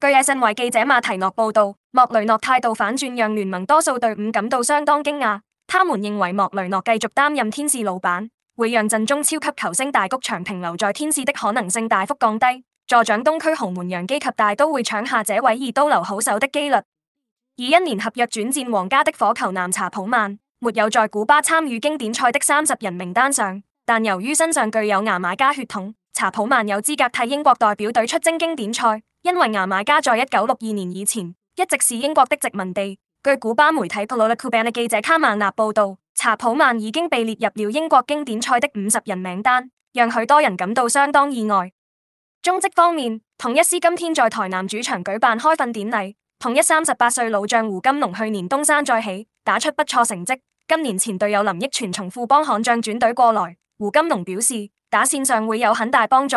據阿信為記者馬提諾報道，莫雷諾態度反轉，讓聯盟多數隊伍感到相當驚訝。他們認為莫雷諾繼續擔任天使老闆，會讓陣中超級球星大谷翔平留在天使的可能性大幅降低，助長東區豪門洋基及大都會搶下這位二刀流好手的機率。以一年合約轉戰皇家的火球男查普曼沒有在古巴參與經典賽的三十人名單上，但由於身上具有牙買加血統，查普曼有資格替英國代表隊出征經典賽。因為牙買加在一九六二年以前一直是英國的殖民地。據古巴媒體《普 o l u q i 的記者卡曼納報道，查普曼已經被列入了英國經典賽的五十人名單，讓許多人感到相當意外。中職方面，同一師今天在台南主場舉辦開訓典禮。同一三十八歲老將胡金龍去年東山再起，打出不錯成績。今年前隊友林益全從富邦悍將轉隊過來，胡金龍表示打線上會有很大幫助。